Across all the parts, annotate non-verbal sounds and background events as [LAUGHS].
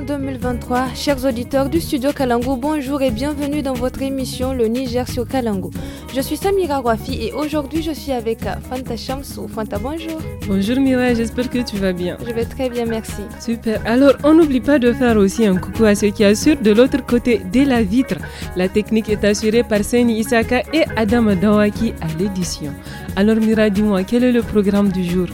2023. Chers auditeurs du studio Kalango, bonjour et bienvenue dans votre émission Le Niger sur Kalango. Je suis Samira Wafi et aujourd'hui je suis avec euh, Fanta Shamsou. Fanta, bonjour. Bonjour Mira, j'espère que tu vas bien. Je vais très bien, merci. Super. Alors, on n'oublie pas de faire aussi un coucou à ceux qui assurent de l'autre côté de la vitre. La technique est assurée par Saini Isaka et Adam Dawaki à l'édition. Alors Mira, dis-moi, quel est le programme du jour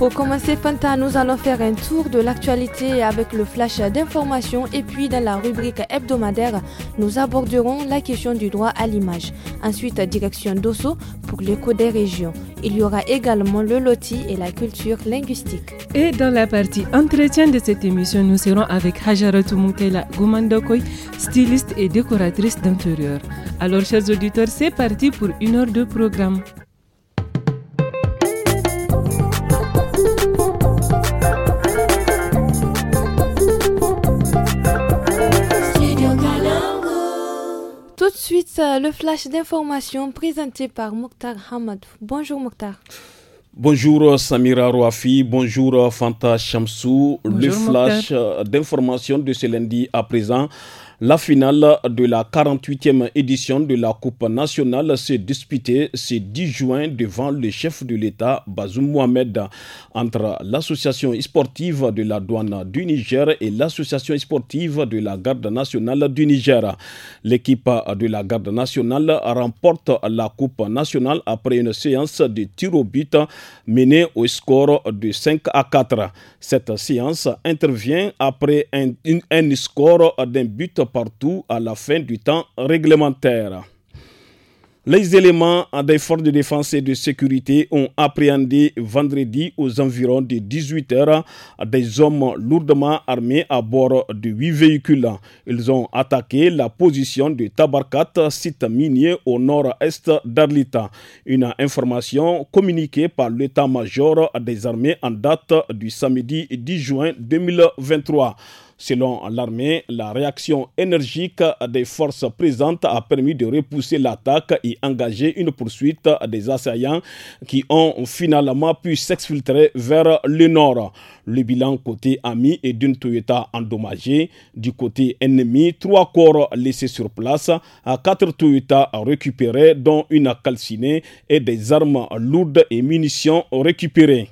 pour commencer, Fanta, nous allons faire un tour de l'actualité avec le flash d'information et puis dans la rubrique hebdomadaire, nous aborderons la question du droit à l'image. Ensuite, direction d'Osso pour l'écho des régions. Il y aura également le loti et la culture linguistique. Et dans la partie entretien de cette émission, nous serons avec Hajaratou Moukela Goumandokoy, styliste et décoratrice d'intérieur. Alors, chers auditeurs, c'est parti pour une heure de programme. Tout de suite, euh, le flash d'information présenté par Mokhtar Hamad. Bonjour Mokhtar. Bonjour euh, Samira Rouafi, bonjour euh, Fanta Chamsou. le flash d'information de ce lundi à présent la finale de la 48e édition de la Coupe nationale s'est disputée ce 10 juin devant le chef de l'État, Bazoum Mohamed, entre l'association sportive de la douane du Niger et l'association sportive de la garde nationale du Niger. L'équipe de la garde nationale remporte la Coupe nationale après une séance de tir au but menée au score de 5 à 4. Cette séance intervient après un, un score d'un but partout à la fin du temps réglementaire. Les éléments des forces de défense et de sécurité ont appréhendé vendredi aux environs de 18h des hommes lourdement armés à bord de huit véhicules. Ils ont attaqué la position de Tabarkat, site minier au nord-est d'Arlita. Une information communiquée par l'état-major des armées en date du samedi 10 juin 2023. Selon l'armée, la réaction énergique des forces présentes a permis de repousser l'attaque et engager une poursuite des assaillants qui ont finalement pu s'exfiltrer vers le nord. Le bilan côté ami est d'une Toyota endommagée. Du côté ennemi, trois corps laissés sur place, quatre Toyota récupérés, dont une calcinée et des armes lourdes et munitions récupérées.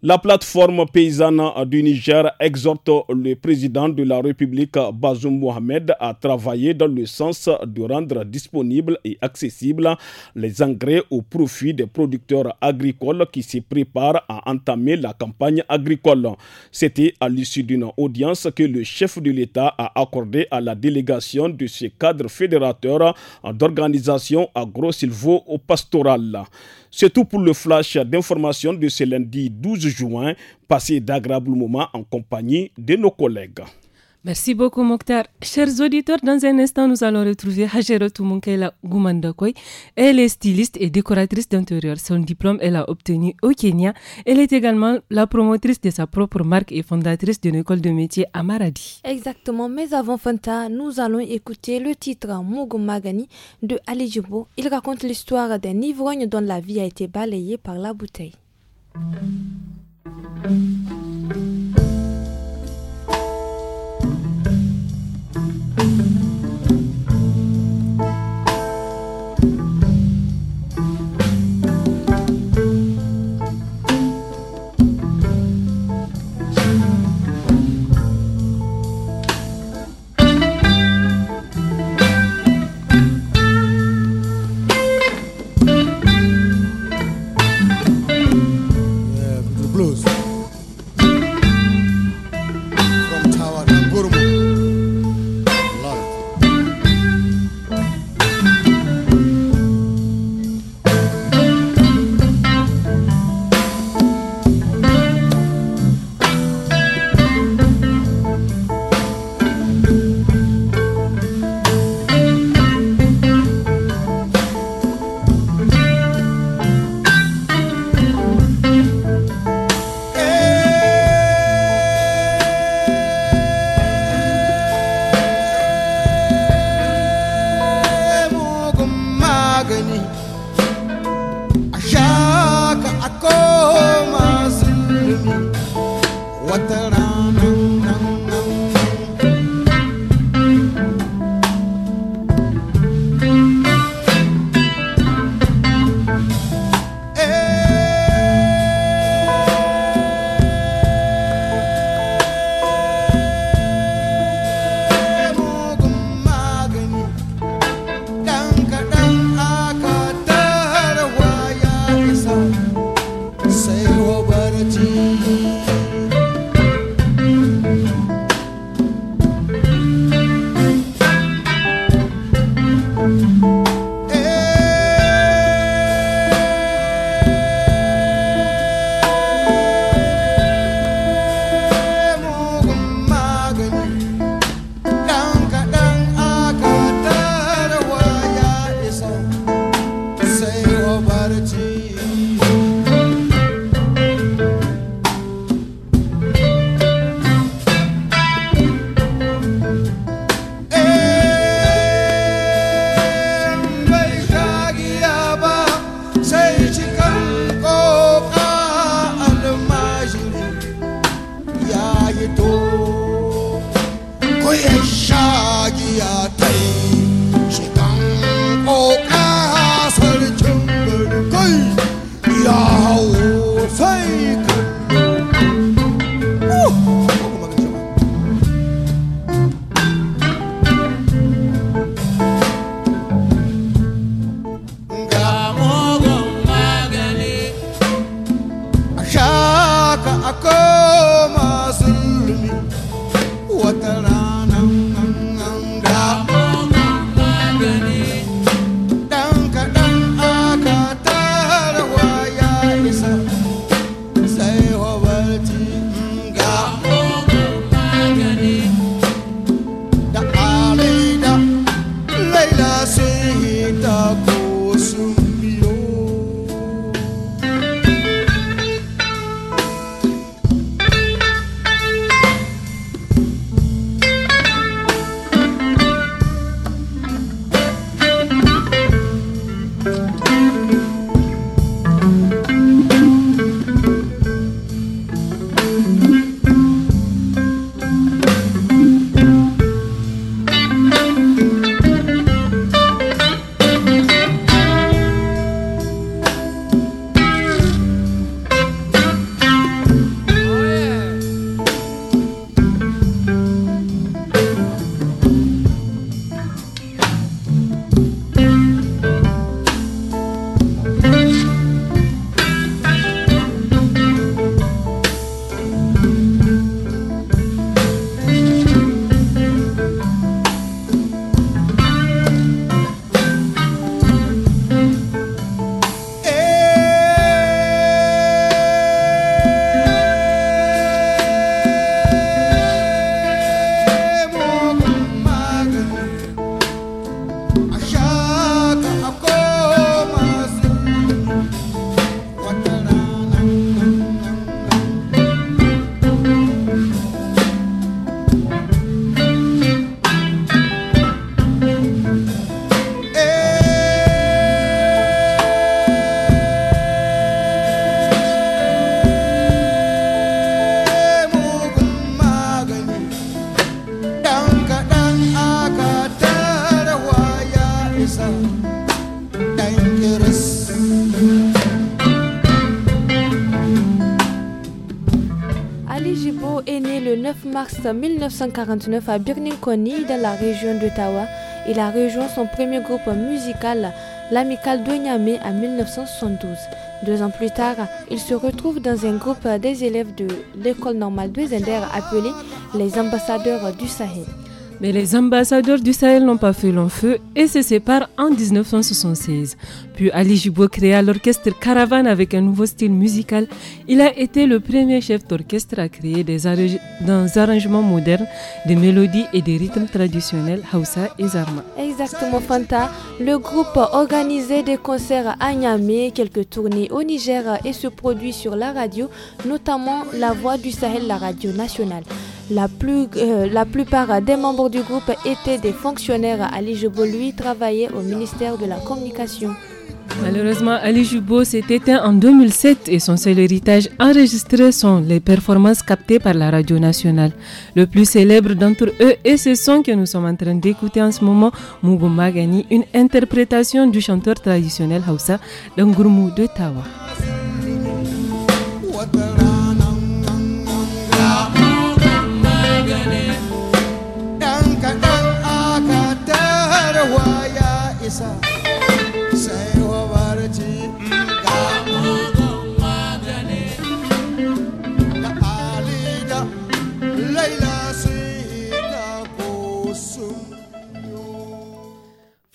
La plateforme paysanne du Niger exhorte le président de la République Bazoum Mohamed à travailler dans le sens de rendre disponibles et accessibles les engrais au profit des producteurs agricoles qui se préparent à entamer la campagne agricole. C'était à l'issue d'une audience que le chef de l'État a accordé à la délégation de ce cadre fédérateur d'organisation agro-silvo-pastorale. C'est tout pour le flash d'information de ce lundi 12 juin, passé d'agréables moments en compagnie de nos collègues. Merci beaucoup, Mokhtar. Chers auditeurs, dans un instant, nous allons retrouver Hajero Tumunkela Goumandakoy. Elle est styliste et décoratrice d'intérieur. Son diplôme, elle a obtenu au Kenya. Elle est également la promotrice de sa propre marque et fondatrice d'une école de métier à Maradi. Exactement. Mais avant Fanta, nous allons écouter le titre Mougou Magani de Ali Jubo. Il raconte l'histoire d'un ivrogne dont la vie a été balayée par la bouteille. Henri est né le 9 mars 1949 à Birninkoni, dans la région d'Ottawa. Il a rejoint son premier groupe musical, l'Amical de en 1972. Deux ans plus tard, il se retrouve dans un groupe des élèves de l'école normale de Zender appelé les ambassadeurs du Sahel. Mais les ambassadeurs du Sahel n'ont pas fait long feu et se séparent en 1976. Puis Ali Jibo créa l'orchestre Caravane avec un nouveau style musical. Il a été le premier chef d'orchestre à créer des, arrangements modernes, des mélodies et des rythmes traditionnels Hausa et Zarma. Exactement, Fanta. Le groupe organisait des concerts à Niamey, quelques tournées au Niger et se produit sur la radio, notamment La Voix du Sahel, la radio nationale. La, plus, euh, la, plupart des membres du groupe étaient des fonctionnaires. Ali Jubo lui, travaillait au ministère de la Communication. Malheureusement, Ali Jubo s'est éteint en 2007 et son seul héritage enregistré sont les performances captées par la radio nationale. Le plus célèbre d'entre eux est ce son que nous sommes en train d'écouter en ce moment, Mugu Magani, une interprétation du chanteur traditionnel Hausa, Ngurumu de Tawa.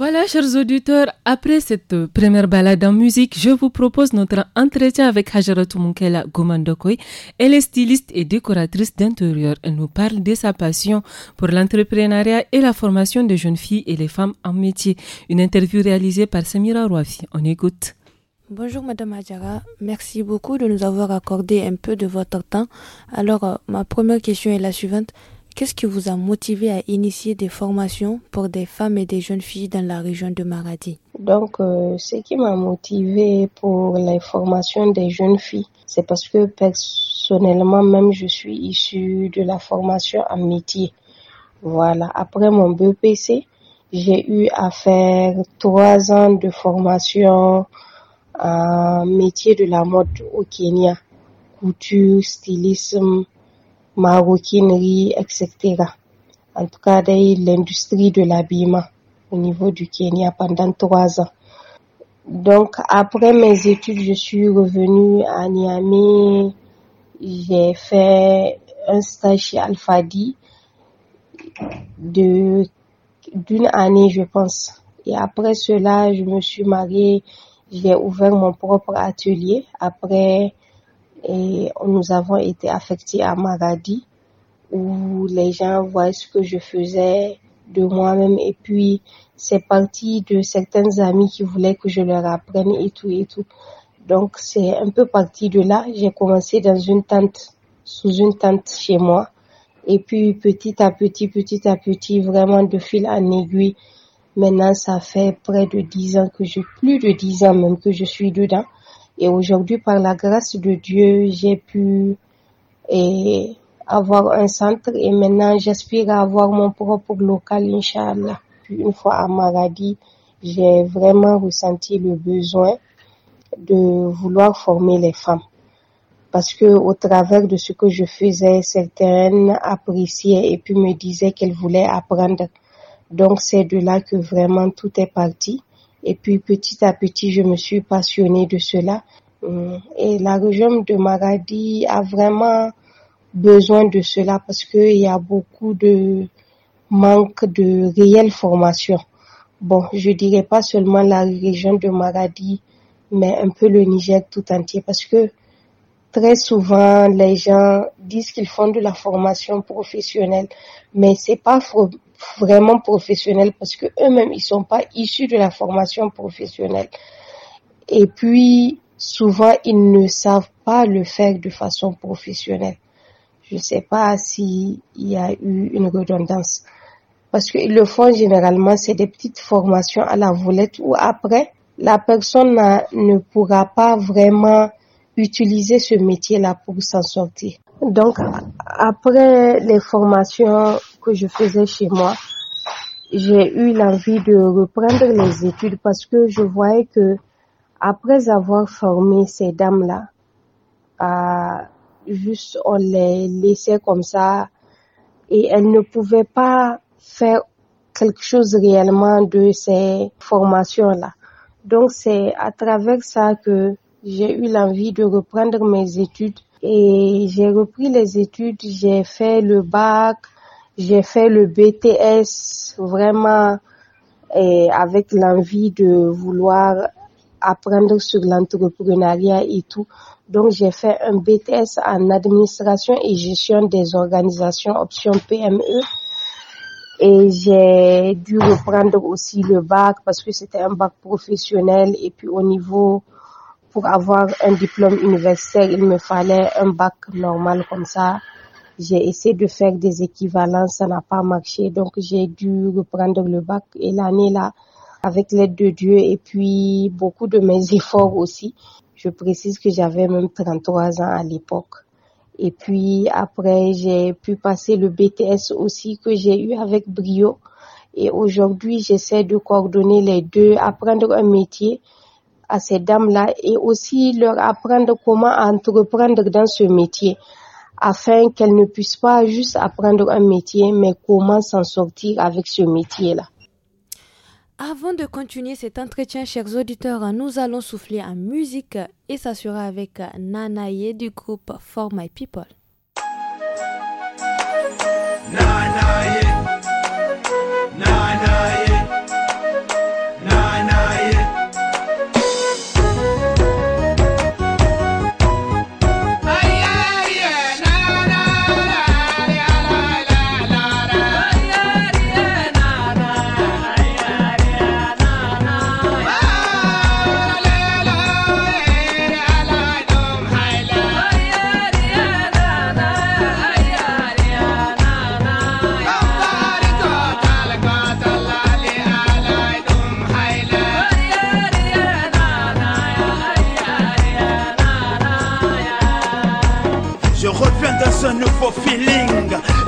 Voilà, chers auditeurs, après cette première balade en musique, je vous propose notre entretien avec Hajaratou Munkela Gomandokoy. Elle est styliste et décoratrice d'intérieur. Elle nous parle de sa passion pour l'entrepreneuriat et la formation des jeunes filles et les femmes en métier. Une interview réalisée par Samira Rouafi. On écoute. Bonjour Madame Hajara, merci beaucoup de nous avoir accordé un peu de votre temps. Alors, euh, ma première question est la suivante. Qu'est-ce qui vous a motivé à initier des formations pour des femmes et des jeunes filles dans la région de Maradi Donc, euh, ce qui m'a motivé pour les formations des jeunes filles, c'est parce que personnellement, même je suis issue de la formation en métier. Voilà, après mon BPC, j'ai eu à faire trois ans de formation en métier de la mode au Kenya, couture, stylisme maroquinerie, etc. En tout cas, l'industrie de l'habillement au niveau du Kenya pendant trois ans. Donc, après mes études, je suis revenue à Niamey. J'ai fait un stage chez Alfadi de d'une année, je pense. Et après cela, je me suis mariée. J'ai ouvert mon propre atelier après et nous avons été affectés à Maradi où les gens voient ce que je faisais de moi-même et puis c'est parti de certains amis qui voulaient que je leur apprenne et tout et tout. Donc c'est un peu parti de là. J'ai commencé dans une tente, sous une tente chez moi. Et puis petit à petit, petit à petit, vraiment de fil en aiguille. Maintenant, ça fait près de dix ans que j'ai plus de dix ans même que je suis dedans. Et aujourd'hui, par la grâce de Dieu, j'ai pu avoir un centre et maintenant j'aspire à avoir mon propre local, Inch'Allah. Une fois à Maradi, j'ai vraiment ressenti le besoin de vouloir former les femmes. Parce que au travers de ce que je faisais, certaines appréciaient et puis me disaient qu'elles voulaient apprendre. Donc c'est de là que vraiment tout est parti. Et puis petit à petit, je me suis passionnée de cela. Hum, et la région de Maradi a vraiment besoin de cela parce qu'il y a beaucoup de manque de réelle formation. Bon, je dirais pas seulement la région de Maradi, mais un peu le Niger tout entier parce que très souvent les gens disent qu'ils font de la formation professionnelle, mais c'est pas vraiment professionnels parce que eux-mêmes ils sont pas issus de la formation professionnelle. Et puis souvent ils ne savent pas le faire de façon professionnelle. Je ne sais pas s'il y a eu une redondance. Parce qu'ils le font généralement, c'est des petites formations à la volette où après, la personne ne pourra pas vraiment utiliser ce métier-là pour s'en sortir. Donc, après les formations que je faisais chez moi, j'ai eu l'envie de reprendre les études parce que je voyais que après avoir formé ces dames-là, euh, juste on les laissait comme ça et elles ne pouvaient pas faire quelque chose réellement de ces formations-là. Donc c'est à travers ça que j'ai eu l'envie de reprendre mes études et j'ai repris les études, j'ai fait le bac, j'ai fait le BTS vraiment et avec l'envie de vouloir apprendre sur l'entrepreneuriat et tout. Donc j'ai fait un BTS en administration et gestion des organisations option PME. Et j'ai dû reprendre aussi le bac parce que c'était un bac professionnel et puis au niveau pour avoir un diplôme universitaire, il me fallait un bac normal comme ça. J'ai essayé de faire des équivalences, ça n'a pas marché, donc j'ai dû reprendre le bac. Et l'année-là, avec l'aide de Dieu et puis beaucoup de mes [LAUGHS] efforts aussi, je précise que j'avais même 33 ans à l'époque. Et puis après, j'ai pu passer le BTS aussi que j'ai eu avec brio. Et aujourd'hui, j'essaie de coordonner les deux, apprendre un métier à ces dames-là et aussi leur apprendre comment entreprendre dans ce métier afin qu'elle ne puisse pas juste apprendre un métier, mais comment s'en sortir avec ce métier-là. Avant de continuer cet entretien, chers auditeurs, nous allons souffler en musique et s'assurer avec avec Nanaye du groupe For My People.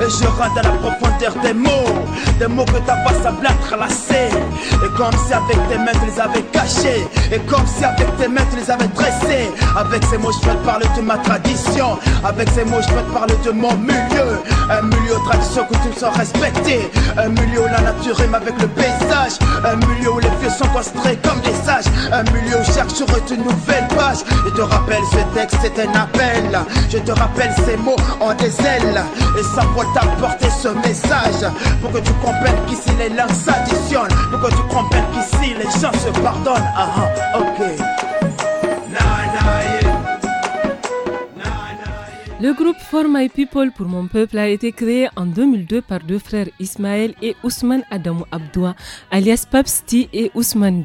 Et je rentre à la profondeur des mots Des mots que ta voix semble entrelacer Et comme si avec tes mains tu les avais cachés Et comme si avec tes mains tu les avais dressés Avec ces mots je vais te parler de ma tradition Avec ces mots je vais te parler de mon milieu un milieu tradition, tout soit respecté Un milieu où la nature rime avec le paysage. Un milieu où les vieux sont construits comme des sages. Un milieu où chaque jour est une nouvelle page. Je te rappelle, ce texte c'est un appel. Je te rappelle, ces mots en des ailes. Et ça pour t'apporter ce message. Pour que tu comprennes qu'ici les langues s'additionnent. Pour que tu comprennes qu'ici les gens se pardonnent. Ah, ah ok. na le groupe For My People pour mon peuple a été créé en 2002 par deux frères Ismaël et Ousmane Adamou Abdoua, alias Papsti et Ousmane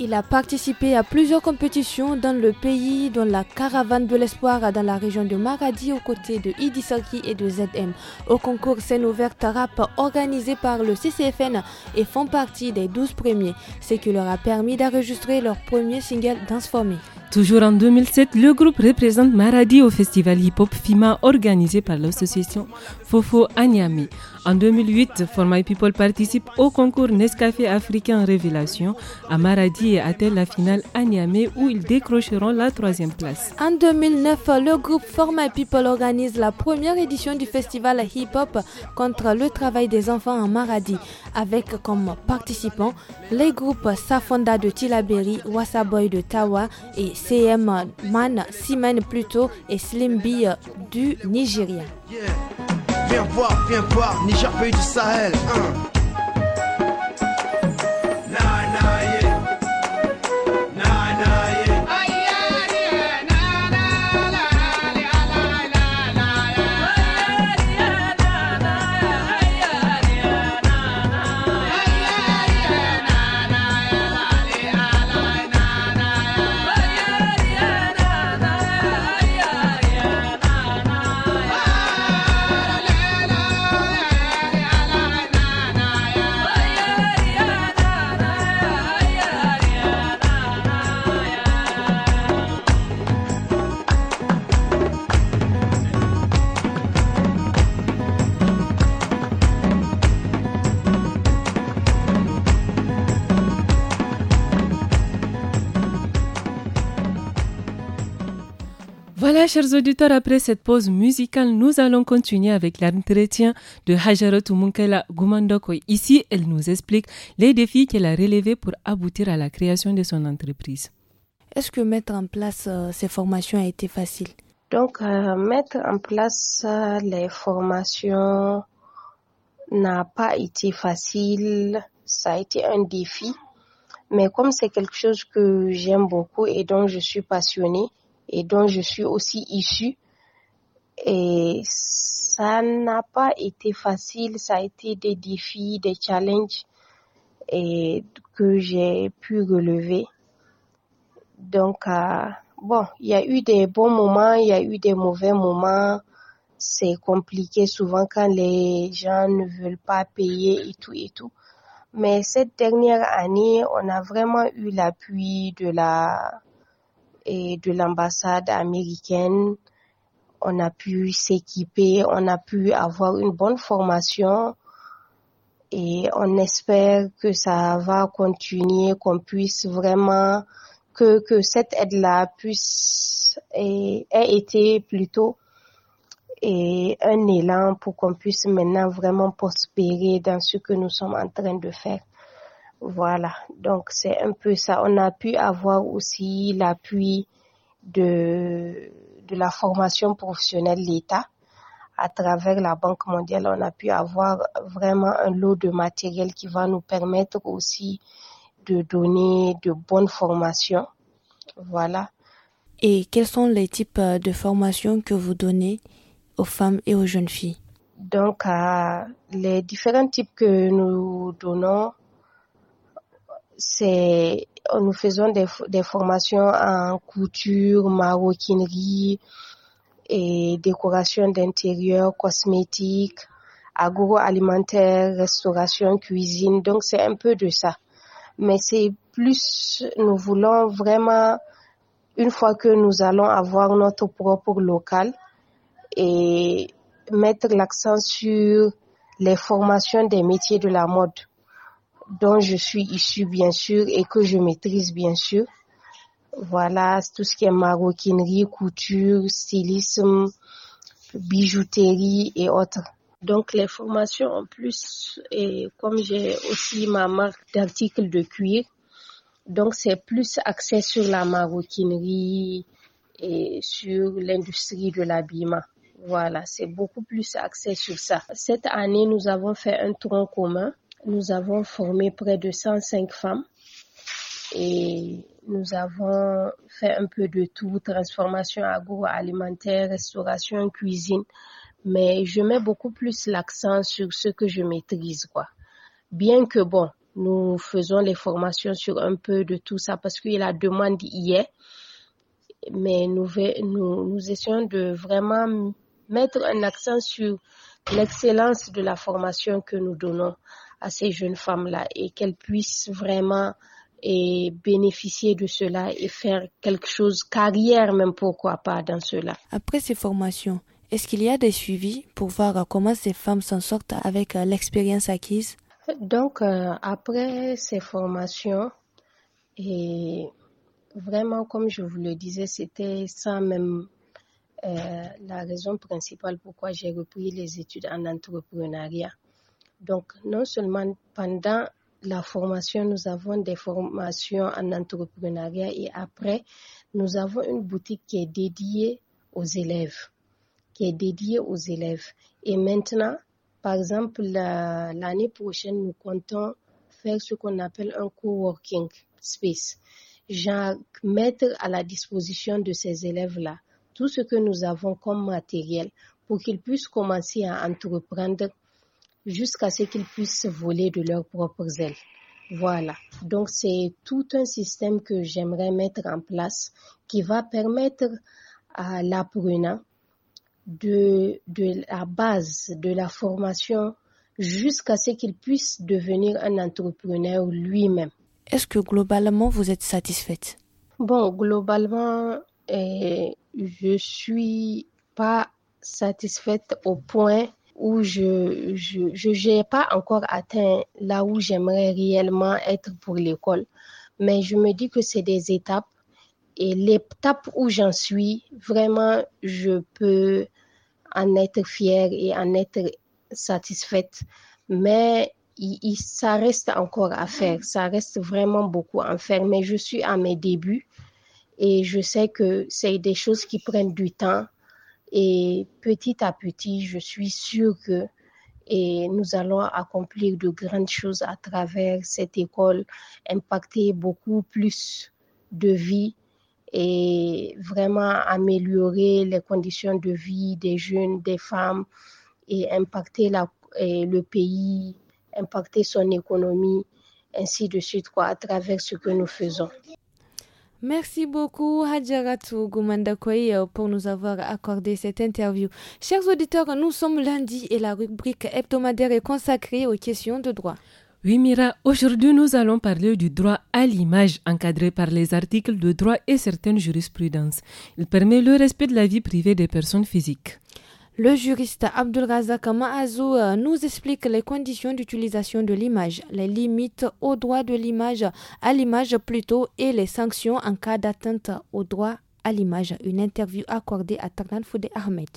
il a participé à plusieurs compétitions dans le pays, dont la Caravane de l'Espoir dans la région de Maradi aux côtés de Idi et de ZM. Au concours scène ouverte rap organisé par le CCFN et font partie des 12 premiers, ce qui leur a permis d'enregistrer leur premier single transformé. Toujours en 2007, le groupe représente Maradi au festival hip-hop FIMA organisé par l'association Fofo Anyami. En 2008, For My People participe au concours Nescafé africain Révélation à Maradi et atteint la finale à Niamey où ils décrocheront la troisième place. En 2009, le groupe For My People organise la première édition du festival hip-hop contre le travail des enfants en Maradi avec comme participants les groupes Safonda de Tilaberi, Wasaboy de Tawa et CM Man, Simen Pluto et Slim B du Nigeria. Viens voir, viens voir, Niger, pays du Sahel. Hein. chers auditeurs, après cette pause musicale, nous allons continuer avec l'entretien de Hajarot Munkela Gumandoko. Ici, elle nous explique les défis qu'elle a relevés pour aboutir à la création de son entreprise. Est-ce que mettre en place euh, ces formations a été facile Donc, euh, mettre en place euh, les formations n'a pas été facile. Ça a été un défi. Mais comme c'est quelque chose que j'aime beaucoup et dont je suis passionnée, et dont je suis aussi issue. Et ça n'a pas été facile, ça a été des défis, des challenges et que j'ai pu relever. Donc, euh, bon, il y a eu des bons moments, il y a eu des mauvais moments. C'est compliqué souvent quand les gens ne veulent pas payer et tout et tout. Mais cette dernière année, on a vraiment eu l'appui de la et de l'ambassade américaine. On a pu s'équiper, on a pu avoir une bonne formation et on espère que ça va continuer, qu'on puisse vraiment, que, que cette aide-là puisse, ait été plutôt et un élan pour qu'on puisse maintenant vraiment prospérer dans ce que nous sommes en train de faire. Voilà, donc c'est un peu ça. On a pu avoir aussi l'appui de, la formation professionnelle l'État. À travers la Banque mondiale, on a pu avoir vraiment un lot de matériel qui va nous permettre aussi de donner de bonnes formations. Voilà. Et quels sont les types euh, de formations que vous donnez aux femmes et aux jeunes filles Donc, les différents types que nous donnons, c'est nous faisons des, formations en couture, maroquinerie et décoration d'intérieur, cosmétique, agroalimentaire, restauration, cuisine. Donc c'est un peu de ça. Mais c'est plus, nous voulons vraiment, une fois que nous allons avoir notre propre local et mettre l'accent sur les formations des métiers de la mode dont je suis issue bien sûr et que je maîtrise bien sûr. Voilà, tout ce qui est maroquinerie, couture, stylisme, bijouterie et autres. Donc les formations en plus, et comme j'ai aussi ma marque d'articles de cuir, donc c'est plus axé sur la maroquinerie et sur l'industrie de l'habillement. Voilà, c'est beaucoup plus axé sur ça. Cette année, nous avons fait un tronc commun nous avons formé près de 105 femmes et nous avons fait un peu de tout, transformation agroalimentaire, restauration, cuisine. Mais je mets beaucoup plus l'accent sur ce que je maîtrise, quoi. Bien que bon, nous faisons les formations sur un peu de tout ça parce que la demande y est. Mais nous, nous, nous essayons de vraiment mettre un accent sur l'excellence de la formation que nous donnons à ces jeunes femmes-là et qu'elles puissent vraiment et eh, bénéficier de cela et faire quelque chose, carrière même, pourquoi pas, dans cela. Après ces formations, est-ce qu'il y a des suivis pour voir comment ces femmes s'en sortent avec euh, l'expérience acquise Donc, euh, après ces formations, et vraiment, comme je vous le disais, c'était ça même euh, la raison principale pourquoi j'ai repris les études en entrepreneuriat. Donc, non seulement pendant la formation, nous avons des formations en entrepreneuriat et après, nous avons une boutique qui est dédiée aux élèves, qui est dédiée aux élèves. Et maintenant, par exemple, l'année prochaine, nous comptons faire ce qu'on appelle un co-working space. Genre, mettre à la disposition de ces élèves-là tout ce que nous avons comme matériel pour qu'ils puissent commencer à entreprendre jusqu'à ce qu'ils puissent voler de leurs propres ailes. Voilà. Donc c'est tout un système que j'aimerais mettre en place qui va permettre à l'apprenant de, de la base de la formation jusqu'à ce qu'il puisse devenir un entrepreneur lui-même. Est-ce que globalement vous êtes satisfaite Bon, globalement, je eh, je suis pas satisfaite au point où je n'ai je, je, pas encore atteint là où j'aimerais réellement être pour l'école. Mais je me dis que c'est des étapes. Et l'étape où j'en suis, vraiment, je peux en être fière et en être satisfaite. Mais ça reste encore à faire. Ça reste vraiment beaucoup à faire. Mais je suis à mes débuts et je sais que c'est des choses qui prennent du temps et petit à petit, je suis sûre que nous allons accomplir de grandes choses à travers cette école, impacter beaucoup plus de vie et vraiment améliorer les conditions de vie des jeunes, des femmes et impacter le pays, impacter son économie, ainsi de suite, quoi, à travers ce que nous faisons. Merci beaucoup, Hadjaratou Goumandakoye, pour nous avoir accordé cette interview. Chers auditeurs, nous sommes lundi et la rubrique hebdomadaire est consacrée aux questions de droit. Oui, Mira, aujourd'hui nous allons parler du droit à l'image encadré par les articles de droit et certaines jurisprudences. Il permet le respect de la vie privée des personnes physiques. Le juriste Abdulrazak Maazou euh, nous explique les conditions d'utilisation de l'image, les limites aux droits de l'image, à l'image plutôt, et les sanctions en cas d'atteinte au droit à l'image. Une interview accordée à Tarnan Foudé Ahmed.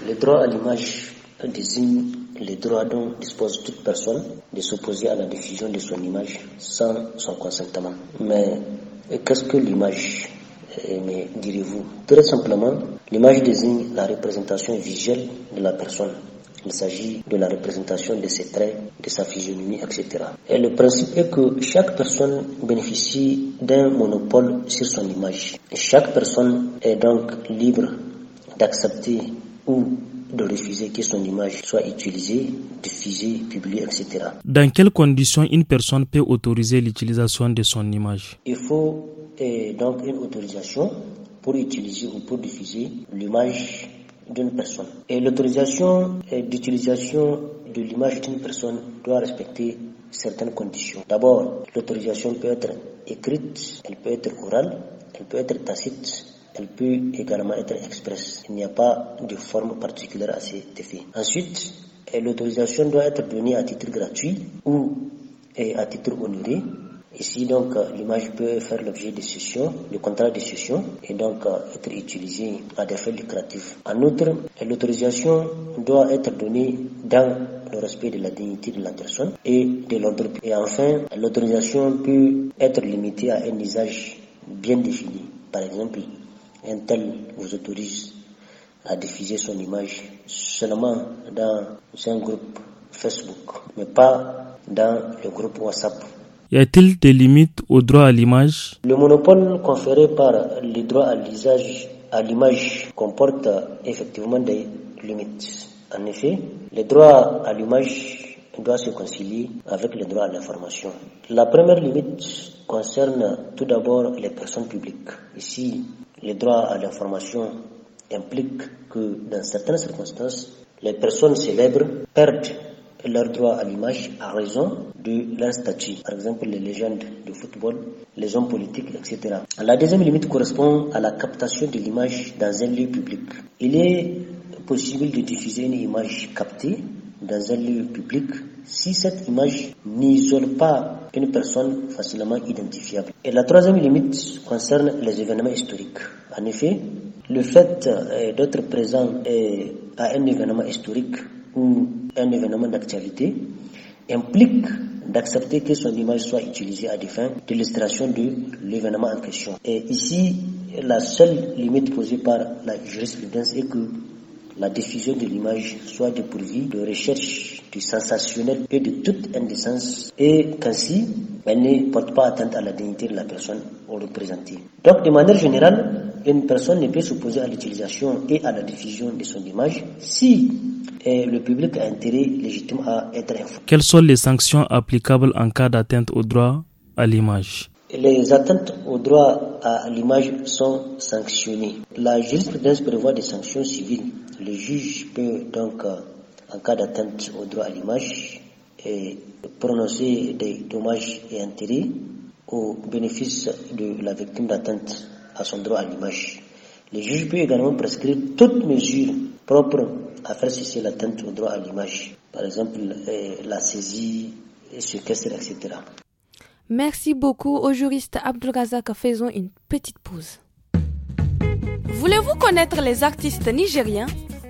Le droit à l'image euh, désigne les droits dont dispose toute personne de s'opposer à la diffusion de son image sans son consentement. Mais euh, qu'est-ce que l'image mais direz-vous, très simplement, l'image désigne la représentation visuelle de la personne. Il s'agit de la représentation de ses traits, de sa physionomie, etc. Et le principe est que chaque personne bénéficie d'un monopole sur son image. chaque personne est donc libre d'accepter ou de refuser que son image soit utilisée, diffusée, publiée, etc. Dans quelles conditions une personne peut autoriser l'utilisation de son image Il faut eh, donc une autorisation pour utiliser ou pour diffuser l'image d'une personne. Et l'autorisation eh, d'utilisation de l'image d'une personne doit respecter certaines conditions. D'abord, l'autorisation peut être écrite, elle peut être orale, elle peut être tacite, elle peut également être expresse. Il n'y a pas de forme particulière à cet effet. Ensuite, euh, l'autorisation doit être donnée à titre gratuit ou à titre honoré. Ici, donc, euh, l'image peut faire l'objet de sessions, de contrat de session, et donc euh, être utilisée à des fins lucratives. En outre, l'autorisation doit être donnée dans le respect de la dignité de la personne et de l'entreprise. Et enfin, l'autorisation peut être limitée à un usage bien défini. Par exemple, un tel vous autorise à diffuser son image seulement dans un groupe Facebook, mais pas dans le groupe WhatsApp. Y a-t-il des limites au droit à l'image Le monopole conféré par le droit à l'usage à l'image comporte effectivement des limites. En effet, le droit à l'image doit se concilier avec le droit à l'information. La première limite concerne tout d'abord les personnes publiques. Ici, les droits à l'information impliquent que, dans certaines circonstances, les personnes célèbres perdent leur droit à l'image à raison de leur statut, par exemple les légendes de football, les hommes politiques, etc. La deuxième limite correspond à la captation de l'image dans un lieu public. Il est possible de diffuser une image captée dans un lieu public si cette image n'isole pas une personne facilement identifiable. Et la troisième limite concerne les événements historiques. En effet, le fait euh, d'être présent euh, à un événement historique ou un événement d'actualité implique d'accepter que son image soit utilisée à des fins d'illustration de l'événement en question. Et ici, la seule limite posée par la jurisprudence est que la diffusion de l'image soit dépourvue de recherche du sensationnel et de toute indécence et qu'ainsi elle ne porte pas atteinte à la dignité de la personne représentée. Donc de manière générale, une personne ne peut s'opposer à l'utilisation et à la diffusion de son image si eh, le public a intérêt légitime à être informé. Quelles sont les sanctions applicables en cas d'atteinte au droit à l'image les atteintes au droit à l'image sont sanctionnées. La jurisprudence prévoit des sanctions civiles le juge peut donc, euh, en cas d'atteinte au droit à l'image, euh, prononcer des dommages et intérêts au bénéfice de la victime d'atteinte à son droit à l'image. Le juge peut également prescrire toutes mesures propres à faire cesser l'atteinte au droit à l'image, par exemple euh, la saisie, le séquestre, etc. Merci beaucoup au juriste Abdelgazak. Faisons une petite pause. Voulez-vous connaître les artistes nigériens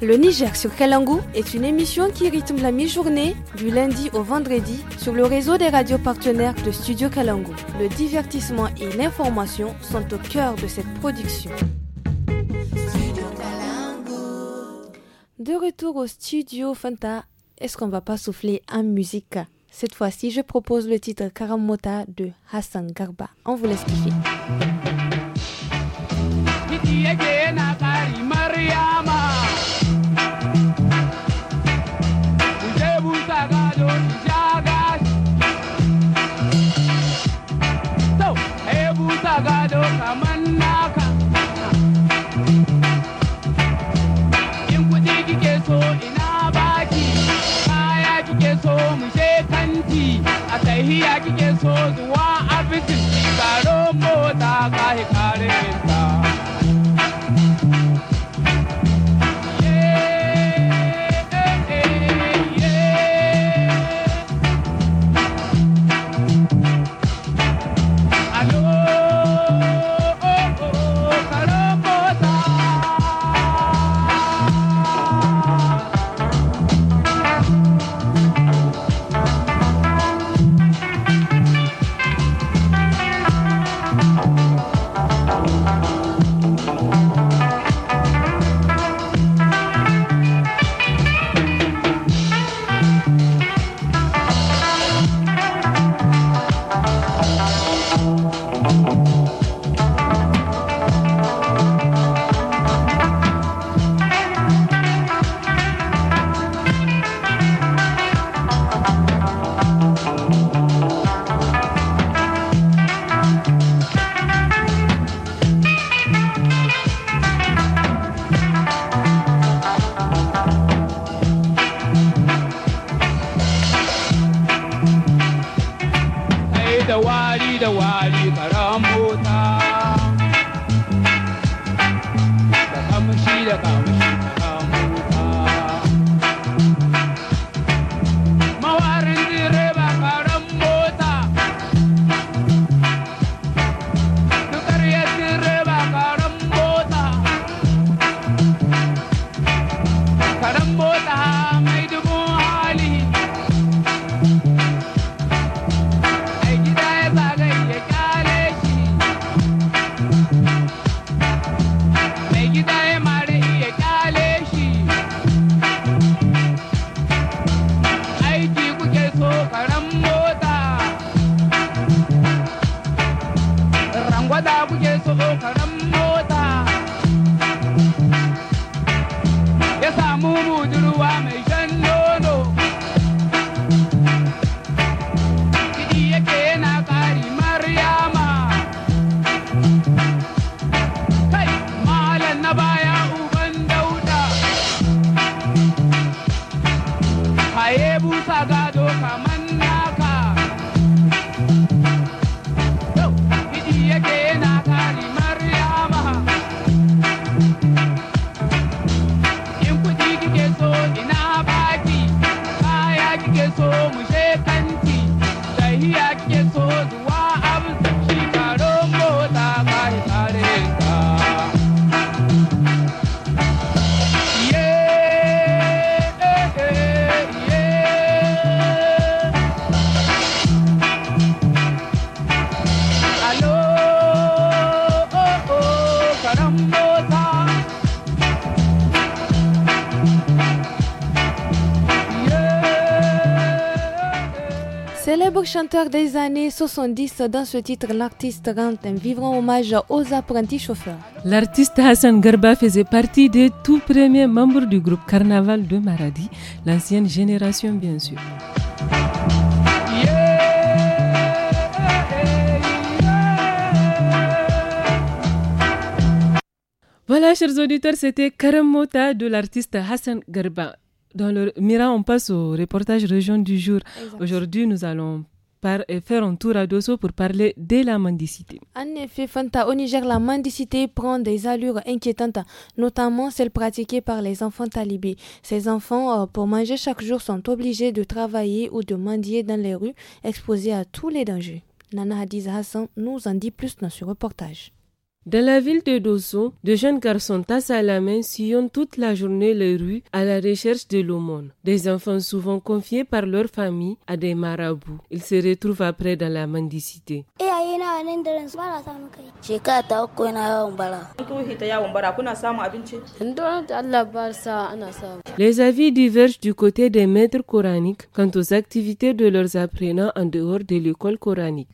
Le Niger sur Kalangu est une émission qui rythme la mi-journée du lundi au vendredi sur le réseau des radios partenaires de Studio Kalangu. Le divertissement et l'information sont au cœur de cette production. De retour au studio Fanta, est-ce qu'on va pas souffler en musique Cette fois-ci, je propose le titre Karamota de Hassan Garba. On vous laisse kiffer. chanteur des années 70, dans ce titre, l'artiste rend un vivant hommage aux apprentis chauffeurs. L'artiste Hassan Garba faisait partie des tout premiers membres du groupe Carnaval de Maradi, l'ancienne génération bien sûr. Voilà, chers auditeurs, c'était Karamota de l'artiste Hassan Garba. Dans le Mira, on passe au reportage région du jour. Aujourd'hui, nous allons par, euh, faire un tour à pour parler de la mendicité. En effet, Fanta, au Niger, la mendicité prend des allures inquiétantes, notamment celle pratiquée par les enfants talibés. Ces enfants, euh, pour manger chaque jour, sont obligés de travailler ou de mendier dans les rues, exposés à tous les dangers. Nana Hadiza Hassan nous en dit plus dans ce reportage. Dans la ville de Dosso, de jeunes garçons tassent à la main sillonnent toute la journée les rues à la recherche de l'aumône. Des enfants souvent confiés par leur famille à des marabouts. Ils se retrouvent après dans la mendicité. Les avis divergent du côté des maîtres coraniques quant aux activités de leurs apprenants en dehors de l'école coranique.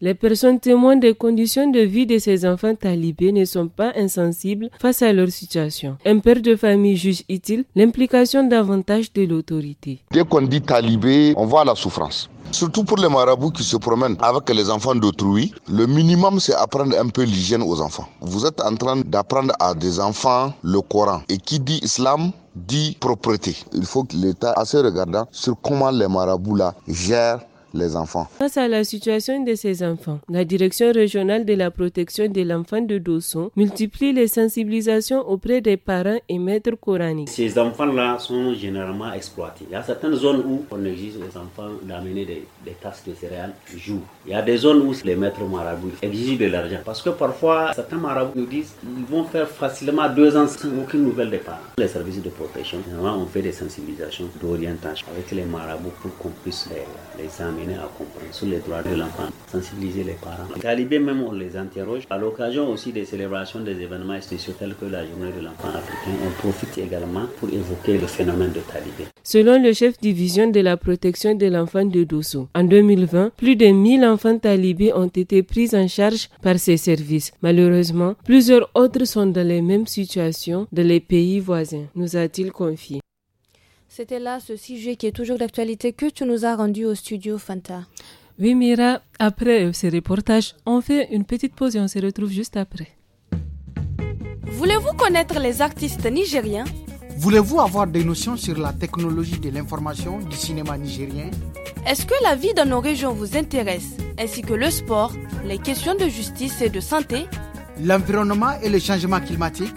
Les personnes témoins des conditions de vie de ces enfants talibés ne sont pas insensibles face à leur situation. Un père de famille juge utile l'implication davantage de l'autorité. Dès qu'on dit talibé, on voit la souffrance. Surtout pour les marabouts qui se promènent avec les enfants d'autrui, le minimum c'est apprendre un peu l'hygiène aux enfants. Vous êtes en train d'apprendre à des enfants le Coran. Et qui dit islam dit propreté. Il faut que l'État assez regardant sur comment les marabouts là gèrent les enfants. Face à la situation de ces enfants, la Direction régionale de la protection de l'enfant de Dosson multiplie les sensibilisations auprès des parents et maîtres coraniques. Ces enfants-là sont généralement exploités. Il y a certaines zones où on exige aux enfants d'amener des, des, tasses de céréales jour. Il y a des zones où les maîtres marabouts exigent de l'argent parce que parfois certains marabouts nous disent qu'ils vont faire facilement deux ans sans aucune nouvelle des parents. Les services de protection, généralement on fait des sensibilisations d'orientation avec les marabouts pour qu'on puisse les, les amener à comprendre sur les droits de l'enfant, sensibiliser les parents. Les talibés même, on les interroge. À l'occasion aussi des célébrations des événements spéciaux tels que la journée de l'enfant africain, on profite également pour évoquer le phénomène de talibé. Selon le chef division de la protection de l'enfant de Dosso, en 2020, plus de 1000 enfants talibés ont été pris en charge par ces services. Malheureusement, plusieurs autres sont dans les mêmes situations dans les pays voisins, nous a-t-il confié. C'était là ce sujet qui est toujours d'actualité que tu nous as rendu au studio Fanta. Oui, Mira, après ces reportages, on fait une petite pause et on se retrouve juste après. Voulez-vous connaître les artistes nigériens Voulez-vous avoir des notions sur la technologie de l'information du cinéma nigérien Est-ce que la vie dans nos régions vous intéresse, ainsi que le sport, les questions de justice et de santé L'environnement et le changement climatique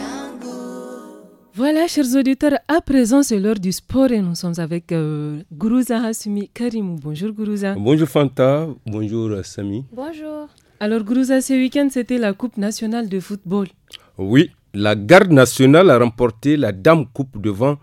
voilà, chers auditeurs, à présent, c'est l'heure du sport et nous sommes avec Guruza euh, Gourouza Karim. Bonjour Guruza. Bonjour Fanta, bonjour euh, Samy. Bonjour. Alors Guruza, ce week-end, c'était la Coupe nationale de football. Oui, la garde nationale a remporté la Dame Coupe devant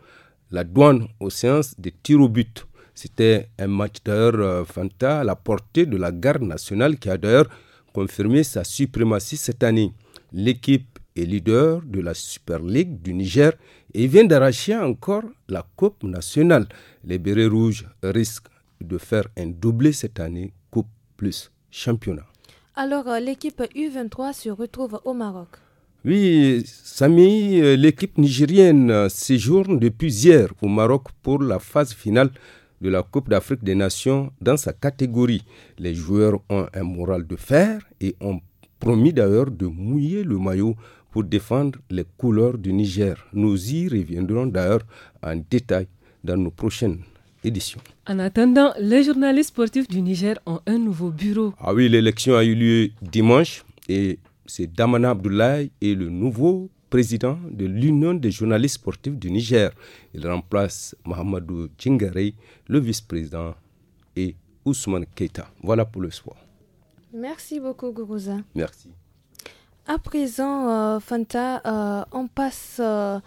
la douane aux séances de tirs au but. C'était un match d'ailleurs euh, Fanta à la portée de la garde nationale qui a d'ailleurs confirmé sa suprématie cette année. L'équipe est leader de la Super League du Niger et vient d'arracher encore la Coupe nationale. Les Bérets Rouges risquent de faire un doublé cette année, Coupe plus championnat. Alors, euh, l'équipe U23 se retrouve au Maroc. Oui, Samy, euh, l'équipe nigérienne euh, séjourne depuis hier au Maroc pour la phase finale de la Coupe d'Afrique des Nations dans sa catégorie. Les joueurs ont un moral de fer et ont promis d'ailleurs de mouiller le maillot pour défendre les couleurs du Niger. Nous y reviendrons d'ailleurs en détail dans nos prochaines éditions. En attendant, les journalistes sportifs du Niger ont un nouveau bureau. Ah oui, l'élection a eu lieu dimanche et c'est Damana Abdoulaye et le nouveau président de l'Union des journalistes sportifs du Niger. Il remplace Mohamedou Djingare, le vice-président, et Ousmane Keita. Voilà pour le soir. Merci beaucoup, Gourouza. Merci. À présent, euh, Fanta, euh, on passe euh,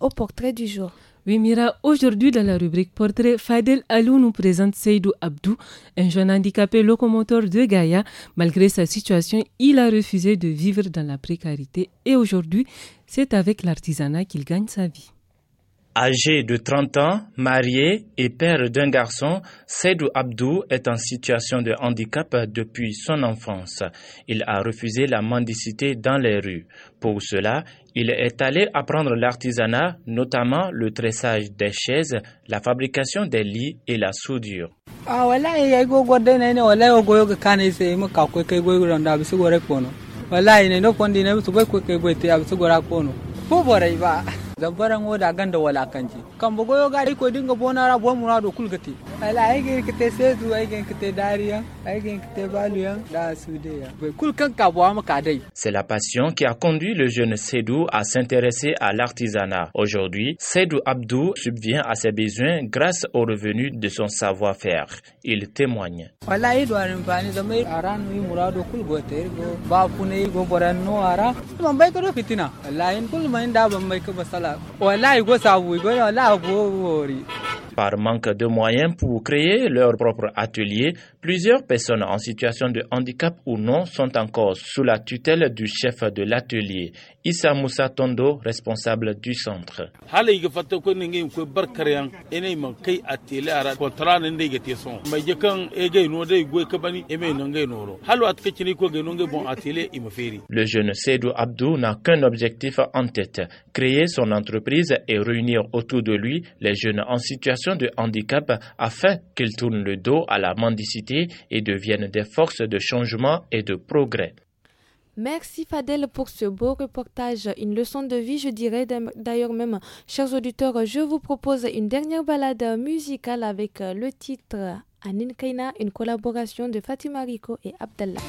au portrait du jour. Oui, Mira, aujourd'hui dans la rubrique portrait, Fadel Alou nous présente Seydou Abdou, un jeune handicapé locomoteur de Gaïa. Malgré sa situation, il a refusé de vivre dans la précarité et aujourd'hui, c'est avec l'artisanat qu'il gagne sa vie. Âgé de 30 ans, marié et père d'un garçon, Seydou Abdou est en situation de handicap depuis son enfance. Il a refusé la mendicité dans les rues. Pour cela, il est allé apprendre l'artisanat, notamment le tressage des chaises, la fabrication des lits et la soudure. Ah, zabbaran wo da ganda walakanci kan bugo yo gari ko dinga bona ra bo murado kulgate C'est la passion qui a conduit le jeune Sédou à s'intéresser à l'artisanat. Aujourd'hui, Seydou Abdou subvient à ses besoins grâce aux revenus de son savoir-faire. Il témoigne. Par manque de moyens pour ou créer leur propre atelier Plusieurs personnes en situation de handicap ou non sont encore sous la tutelle du chef de l'atelier, Issa Moussa Tondo, responsable du centre. Le jeune Seydou Abdou n'a qu'un objectif en tête, créer son entreprise et réunir autour de lui les jeunes en situation de handicap afin qu'ils tournent le dos à la mendicité et deviennent des forces de changement et de progrès. Merci Fadel pour ce beau reportage, une leçon de vie je dirais d'ailleurs même. Chers auditeurs, je vous propose une dernière balade musicale avec euh, le titre Anin une collaboration de Fatima Rico et Abdallah.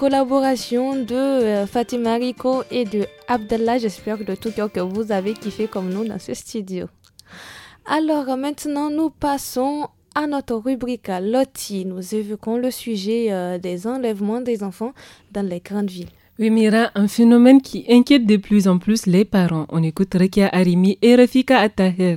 collaboration de euh, Fatima Rico et de Abdallah. J'espère de tout cœur que vous avez kiffé comme nous dans ce studio. Alors maintenant, nous passons à notre rubrique Loti. Nous évoquons le sujet euh, des enlèvements des enfants dans les grandes villes. Oui, Mira, un phénomène qui inquiète de plus en plus les parents. On écoute Rekia Arimi et Rafika Attaher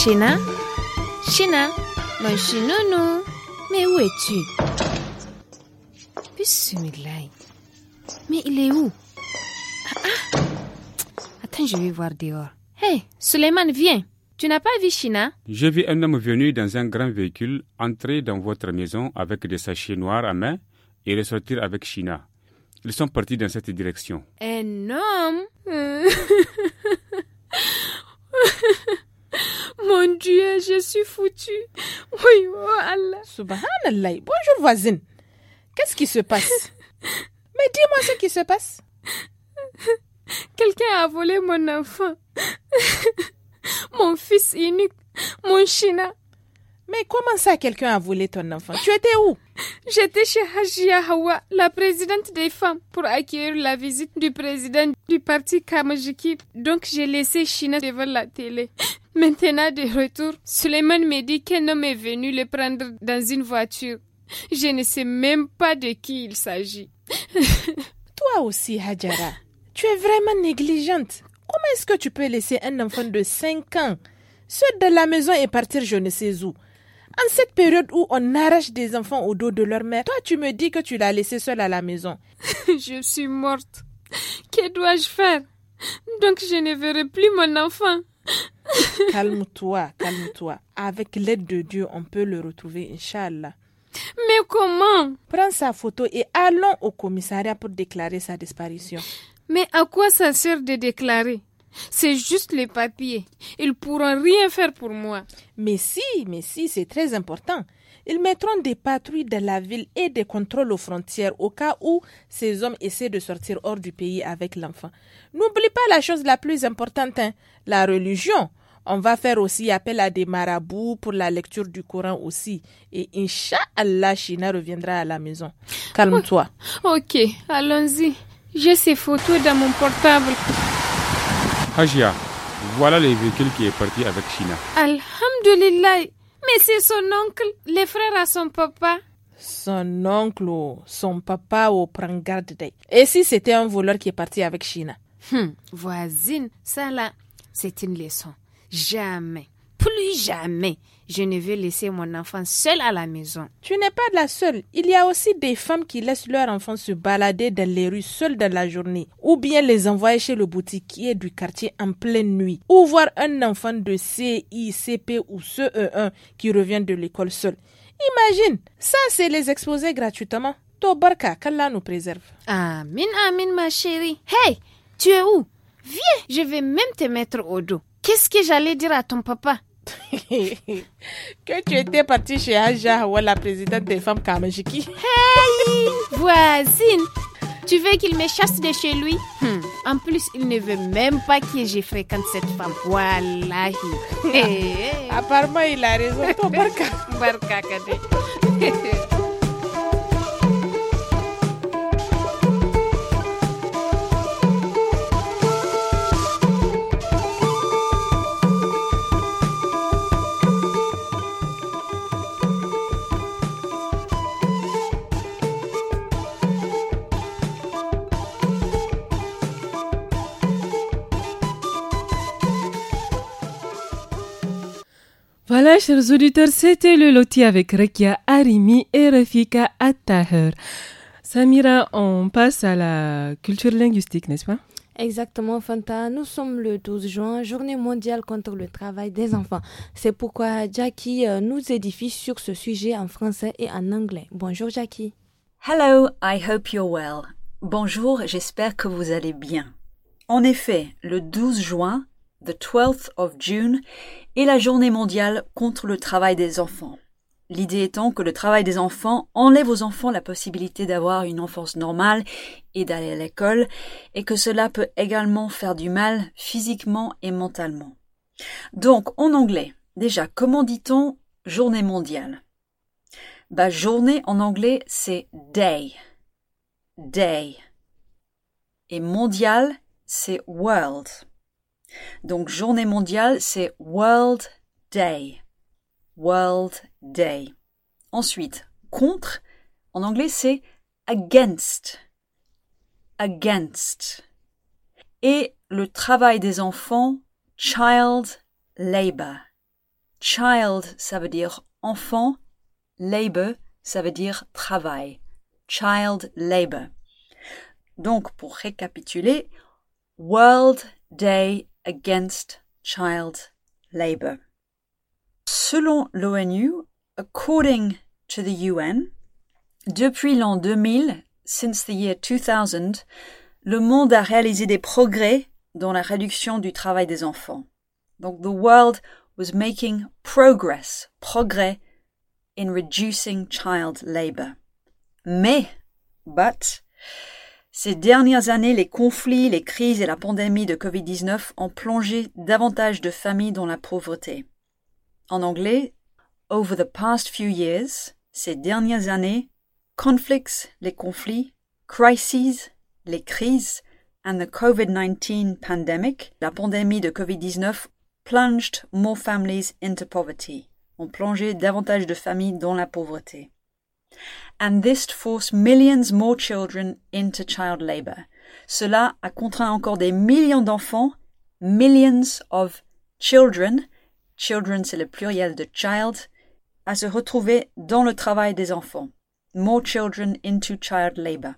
China China Mon non, Mais où es-tu Mais il est où ah, ah. Attends, je vais voir dehors. Hé, hey, Suleiman, viens. Tu n'as pas vu China J'ai vu un homme venu dans un grand véhicule entrer dans votre maison avec des sachets noirs à main et ressortir avec China. Ils sont partis dans cette direction. Un homme [LAUGHS] [LAUGHS] Mon Dieu, je suis foutue. Oui, oh Allah. Subhanallah. Bonjour voisine. Qu'est-ce qui se passe [LAUGHS] Mais dis-moi ce qui se passe. Quelqu'un a volé mon enfant. [LAUGHS] mon fils unique. Mon china. Mais comment ça quelqu'un a volé ton enfant Tu étais où J'étais chez Hajia Hawa, la présidente des femmes, pour accueillir la visite du président du parti Kamajiki. Donc j'ai laissé China devant la télé. Maintenant de retour, Suleiman me dit qu'un homme est venu le prendre dans une voiture. Je ne sais même pas de qui il s'agit. [LAUGHS] Toi aussi, Hajara, tu es vraiment négligente. Comment est-ce que tu peux laisser un enfant de 5 ans seul de la maison et partir je ne sais où En cette période où on arrache des enfants au dos de leur mère, toi tu me dis que tu l'as laissé seul à la maison. [LAUGHS] je suis morte. Que dois-je faire Donc je ne verrai plus mon enfant. [LAUGHS] calme-toi, calme-toi. Avec l'aide de Dieu, on peut le retrouver, Inch'Allah. Mais comment Prends sa photo et allons au commissariat pour déclarer sa disparition. Mais à quoi ça sert de déclarer C'est juste les papiers. Ils pourront rien faire pour moi. Mais si, mais si, c'est très important. Ils mettront des patrouilles dans la ville et des contrôles aux frontières au cas où ces hommes essaient de sortir hors du pays avec l'enfant. N'oublie pas la chose la plus importante, hein, la religion. On va faire aussi appel à des marabouts pour la lecture du Coran aussi. Et Inch'Allah, China reviendra à la maison. Calme-toi. [LAUGHS] ok, allons-y. J'ai ces photos dans mon portable. Hajia, voilà les véhicules qui est parti avec China. Alhamdulillah, mais c'est son oncle, les frères à son papa. Son oncle son papa ou prend garde d'eux. Et si c'était un voleur qui est parti avec China hum, Voisine, ça là, c'est une leçon. Jamais, plus jamais, je ne veux laisser mon enfant seul à la maison. Tu n'es pas la seule. Il y a aussi des femmes qui laissent leur enfant se balader dans les rues seules dans la journée, ou bien les envoyer chez le boutiquier du quartier en pleine nuit, ou voir un enfant de CICP ou CE1 qui revient de l'école seul. Imagine, ça c'est les exposer gratuitement. Tobarka, qu'Allah nous préserve. Amin, amin, ma chérie. Hey, tu es où Viens, je vais même te mettre au dos. Qu'est-ce que j'allais dire à ton papa [LAUGHS] que tu étais partie chez Aja ou la présidente des femmes Kamajiki. Hey, voisine, tu veux qu'il me chasse de chez lui hmm. En plus, il ne veut même pas que j'ai fréquente cette femme. Voilà. [LAUGHS] Eh, eh. Apparemment, il a raison. Toi, [LAUGHS] Barka. Barka, Voilà, chers auditeurs, c'était le loti avec Rekia Arimi et Rafika Attaher. Samira, on passe à la culture linguistique, n'est-ce pas Exactement, Fanta. Nous sommes le 12 juin, journée mondiale contre le travail des enfants. C'est pourquoi Jackie euh, nous édifie sur ce sujet en français et en anglais. Bonjour Jackie. Hello, I hope you're well. Bonjour, j'espère que vous allez bien. En effet, le 12 juin, the 12th of June, et la journée mondiale contre le travail des enfants. L'idée étant que le travail des enfants enlève aux enfants la possibilité d'avoir une enfance normale et d'aller à l'école, et que cela peut également faire du mal physiquement et mentalement. Donc, en anglais, déjà, comment dit-on journée mondiale Bah, journée en anglais, c'est day. Day. Et mondial, c'est world. Donc journée mondiale, c'est World Day. World Day. Ensuite, contre, en anglais, c'est against. Against. Et le travail des enfants, child labor. Child, ça veut dire enfant, labor, ça veut dire travail. Child labor. Donc, pour récapituler, World Day against child labor. Selon l'ONU, according to the UN, depuis l'an 2000, since the year 2000, le monde a réalisé des progrès dans la réduction du travail des enfants. Donc, the world was making progress, progrès, in reducing child labor. Mais, but, ces dernières années, les conflits, les crises et la pandémie de Covid-19 ont plongé davantage de familles dans la pauvreté. En anglais, over the past few years, ces dernières années, conflicts, les conflits, crises, les crises, and the COVID-19 pandemic, la pandémie de Covid-19, plunged more families into poverty, ont plongé davantage de familles dans la pauvreté and this forced millions more children into child labor. Cela a contraint encore des millions d'enfants, millions of children, children c'est le pluriel de child, à se retrouver dans le travail des enfants. More children into child labor.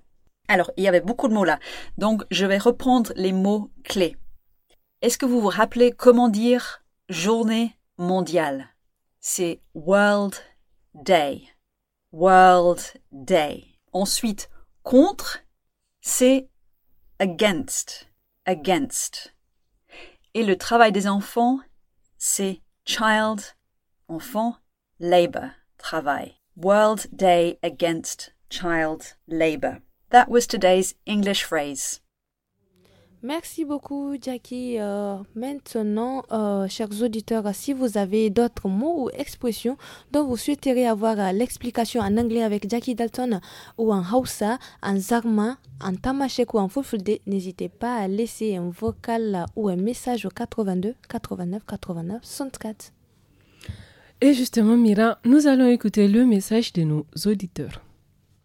Alors, il y avait beaucoup de mots là, donc je vais reprendre les mots clés. Est-ce que vous vous rappelez comment dire journée mondiale C'est World Day. World Day. Ensuite, contre, c'est against, against. Et le travail des enfants, c'est child, enfant, labor, travail. World Day Against Child Labor. That was today's English phrase. Merci beaucoup, Jackie. Euh, maintenant, euh, chers auditeurs, si vous avez d'autres mots ou expressions dont vous souhaiteriez avoir euh, l'explication en anglais avec Jackie Dalton ou en Hausa, en Zarma, en Tamashek ou en Fulfulde, n'hésitez pas à laisser un vocal ou un message au 82 89 89 64. Et justement, Mira, nous allons écouter le message de nos auditeurs.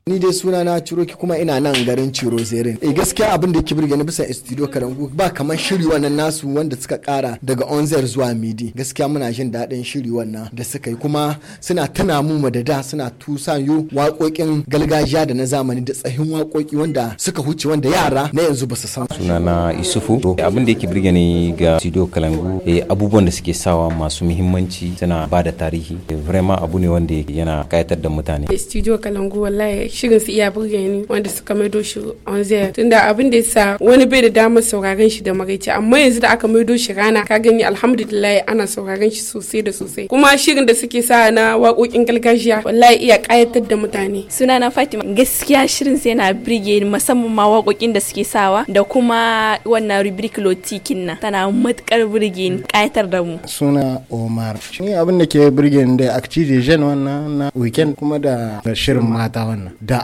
ni dai suna na ciroki kuma ina nan garin ciro zerin eh gaskiya abin da ke burge ni bisa studio karangu ba kamar shiri wannan nasu wanda suka kara daga onzer zuwa midi gaskiya muna jin daɗin shiri wannan da suka yi kuma suna tana mu da da suna yo waƙoƙin galgajiya da na zamani da tsahin waƙoƙi wanda suka huce wanda yara na yanzu ba su san suna na isufu abin da yake burge ni ga studio kalangu eh, abubuwan da suke sawa masu muhimmanci suna ba da tarihi eh, vraiment abu ne wanda yana kayatar da mutane studio kalangu wallahi shirin su iya burge ni wanda suka maido shi on zero tunda abin da yasa wani bai da damar sauraron shi da maraice amma yanzu da aka maido shi rana ka gani alhamdulillah ana sauraron shi sosai da sosai kuma shirin da suke sa na waƙoƙin gargajiya wallahi iya ƙayatar da mutane suna na Fatima gaskiya shirin sai yana burge ni musamman ma waƙoƙin da suke sawa da kuma wannan rubric lotikin nan tana matukar burge ni ƙayatar da mu suna Omar shi abin da ke burge ni da activity wannan na weekend kuma da shirin mata wannan da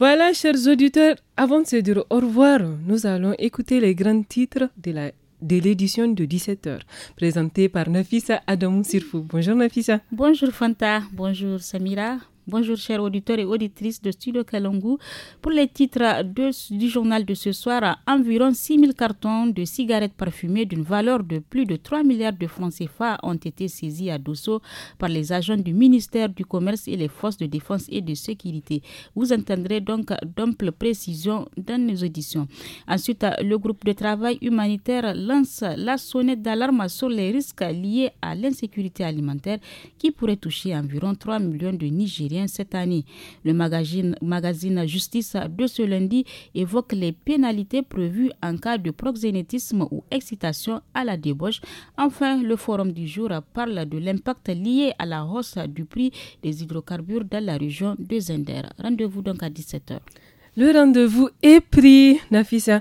Voilà, chers auditeurs, avant de se dire au revoir, nous allons écouter les grands titres de la de l'édition de 17h, présentée par Nafisa Adam Sirfou. Bonjour Nafisa. Bonjour Fanta, bonjour Samira, Bonjour chers auditeurs et auditrices de Studio Kalangu. Pour les titres du journal de ce soir, environ 6000 cartons de cigarettes parfumées d'une valeur de plus de 3 milliards de francs CFA ont été saisis à Dosso par les agents du ministère du Commerce et les forces de défense et de sécurité. Vous entendrez donc d'amples précisions dans nos auditions. Ensuite, le groupe de travail humanitaire lance la sonnette d'alarme sur les risques liés à l'insécurité alimentaire qui pourrait toucher environ 3 millions de Nigériens cette année. Le magazine, magazine Justice de ce lundi évoque les pénalités prévues en cas de proxénétisme ou excitation à la débauche. Enfin, le forum du jour parle de l'impact lié à la hausse du prix des hydrocarbures dans la région de Zender. Rendez-vous donc à 17h. Le rendez-vous est pris, Nafisa.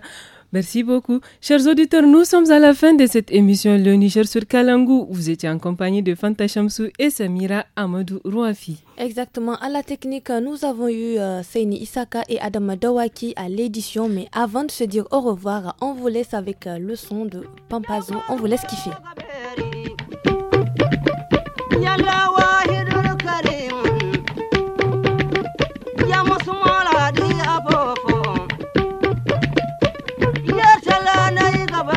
Merci beaucoup. Chers auditeurs, nous sommes à la fin de cette émission Le Niger sur Kalangu. Vous étiez en compagnie de Fanta Chamsou et Samira Amadou Rouafi. Exactement. À la technique, nous avons eu euh, Seini Isaka et Adam Dawaki à l'édition. Mais avant de se dire au revoir, on vous laisse avec euh, le son de Pampazo. On vous laisse kiffer.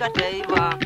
ka ta yi ba